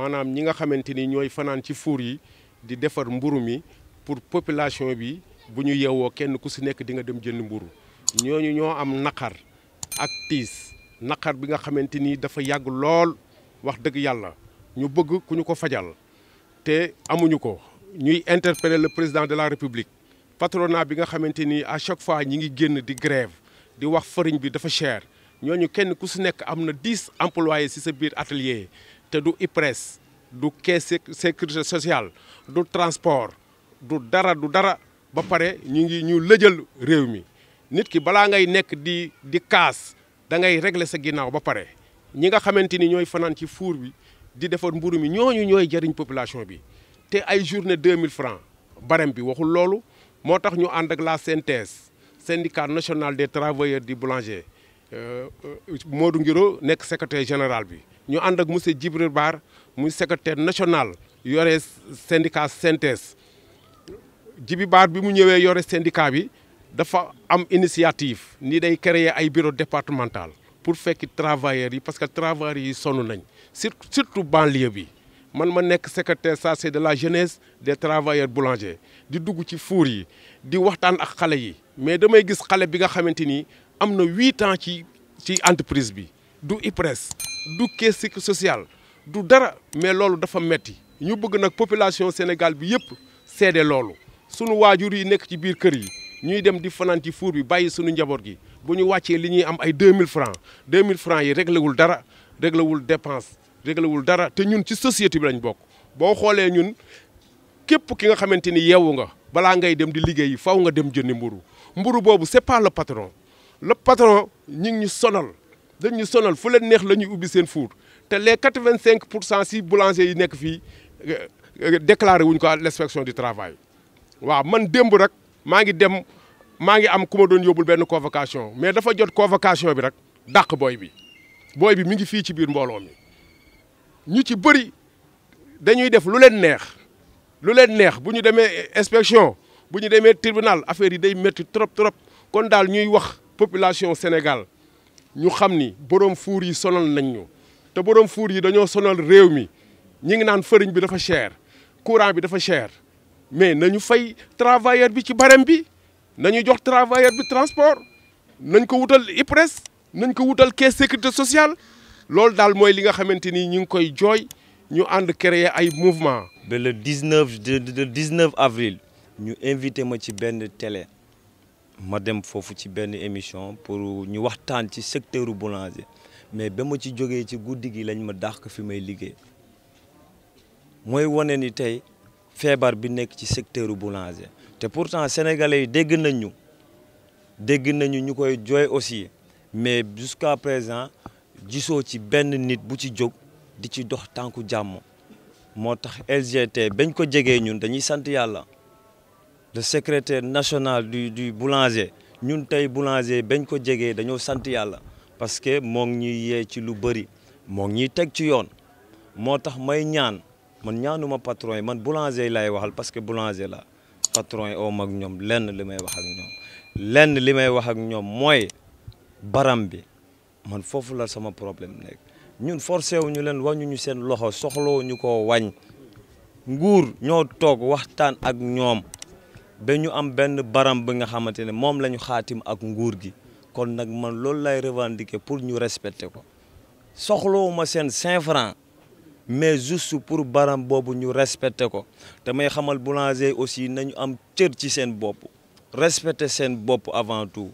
maanaam ñi nga xamante ni ñooy fanaan ci fuur yi di defar mburu mi pour population bi bu ñu yeewoo kenn ku si nekk di nga dem jënd mburu ñooñu ñoo am naqar ak tiis naqar bi nga xamante ni dafa yàgg lool wax dëgg yàlla ñu bëgg ku ñu ko fajal te amuñu ko ñuy interpeller la président de la république patronat bi nga xamante ni à chaque fois ñi ngi génn di grève di wax farine bi dafa cher ñooñu kenn ku si nekk am na dix employés si sa biir atelier te du IPRES du caisse sécurité sociale du transport du dara du dara ba pare ñu ngi ñu lëjal réew mi nit ki balaa ngay nekk di di kaas da ngay régler sa ginnaaw ba pare ñi nga xamante ni ñooy fanaan ci four bi di defar mburu mi ñooñu ñooy jëriñ population bi te ay journée mille francs barème bi waxul loolu moo tax ñu ànd ak la synthèse syndicat national des travailleurs du boulanger euh, euh, Modou Ngiro nekk secretaire général bi ñu ànd ak monsieur Djibril Bar muy secrétaire national yore syndicat synthèse Djibi Bar bi mu ñëwee yore syndicat bi dafa am initiative ni day créer ay bureau départemental pour fekki travailleurs yi parce que travailleurs yi sonn nañ surtout banlieue bi man ma nekk secrétaire chargé de la jeunesse des travailleurs boulangers di dugg ci four yi di waxtaan ak xale yi mais damay gis xale bi nga xamante ni am na huit ans ci ci entreprise bi du IPRES du caisse sociale du dara mais loolu dafa metti ñu bëgg nag population Sénégal bi yëpp seede loolu sunu waajur yi nekk ci biir kër yi ñuy dem di fanaan ci fuur bi bàyyi sunu njaboot gi bu ñu wàccee li ñuy am ay 2000 francs mille francs yi réglewul dara réglewul dépense réglewul dara te ñun ci société bi lañ bokk boo xoolee ñun képp ki nga xamante ni yeewu nga balaa ngay dem di liggéeyi yi faw nga dem jëndi mburu mburu boobu c'est pas le patron le patron ñu sonal dañ ñu fu leen neex la ñuy ubbi seen four te les quatre vingt cinq pour cent si boulanger yi nekk fii euh, euh, déclaré wuñ ko à l' inspection du travail waaw man démb rek maa ngi dem maa ngi am ku ma doon yóbbul benn convocation mais dafa jot convocation bi rek daq booy bi booy bi mi ngi fii ci biir mbooloom mi ñu ci bëri dañuy def lu leen neex lu leen neex bu ñu demee inspection bu ñu demee tribunal affaire yi day metti trop trop kon daal ñuy wax population Sénégal ñu xam ni borom fuur yi sonal nañ ñu te borom fuur yi dañoo sonal réew mi ñu ngi naan fëriñ bi dafa cher courant bi dafa chair mais nañu fay travailleur bi ci barème bi nañu jox travailleur bi transport nañ ko wutal IPRES nañ ko wutal caisse sécurité sociale loolu daal mooy li nga xamante ni ñu ngi koy jooy ñu ànd créer ay mouvement. ba le 19 de 19 avril ñu invité ma ci benn télé. ma dem foofu ci benn émission pour ñu waxtaan ci secteuru boulanger mais ba ma ci jógee ci guddi gi lañ ma dàq fi may liggéey mooy wane ni tey feebar bi nekk ci secteuru boulanger te pourtant sénégalais yi dégg nañ dégg nañu ñu koy jooy aussi mais jusqu'à présent gisoo ci benn nit bu ci jóg di ci dox tànku jàmm moo tax LGT bañ ko jegee ñun dañuy sant yàlla le secrétaire national du du boulanger ñun tey boulanger bañ ko jegee dañoo sant yàlla parce que moo ngi ñuy yee ci lu bëri moo ngi ñuy teg ci yoon moo tax may ñaan man ñaanuma patron yi man boulanger yi lay waxal parce que boulanger la patron yi oo mag ñoom lenn li may wax ak ñoom lenn li may wax ak ñoom mooy baram bi man foofu la sama problème nekk ñun forcé wu ñu leen wàññu ñu seen loxo soxloo ñu ko wàññ nguur ñoo toog waxtaan ak ñoom ba ñu am benn baram bi nga xamante ne moom la ñu xaatim ak nguur gi kon nag man loolu lay revendiquer pour ñu respecter ko soxlawuma seen cinq francs mais juste pour baram boobu ñu respecter ko te may xamal boulanger aussi nañu am cër ci seen bopp respecter seen bopp avant tout